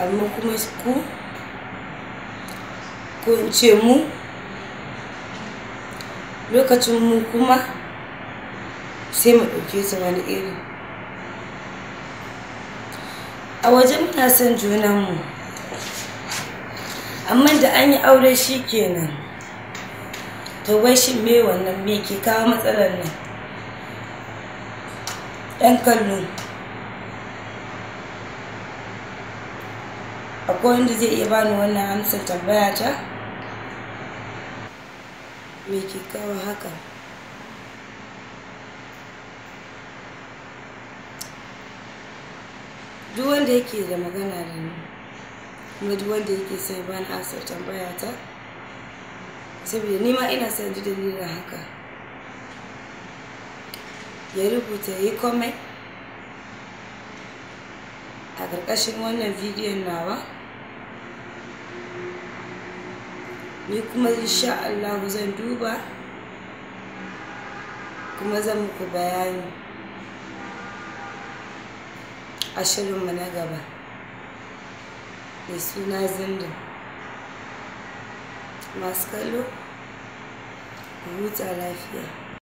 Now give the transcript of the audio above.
amma kuma ku ce mu lokacin mu kuma sai mu ɗauke su wani iri a waje muna son junanmu amma da an yi aure shi kenan to wai shi me wannan me ke kawo matsalar nan ɗan kallo akwai wanda zai iya bani wannan amsar tambaya ta me ke kawo haka duk wanda yake da magana da ni kuma duk wanda yake sai bani amsar tambaya ta saboda ni ma ina son ji dalilin haka ya rubuta ya yi komai a ƙarƙashin wannan bidiyon nawa ni kuma insha Allah zan duba kuma zan muku bayani a shirinmu na gaba mai suna zindin masu kallo huta lafiya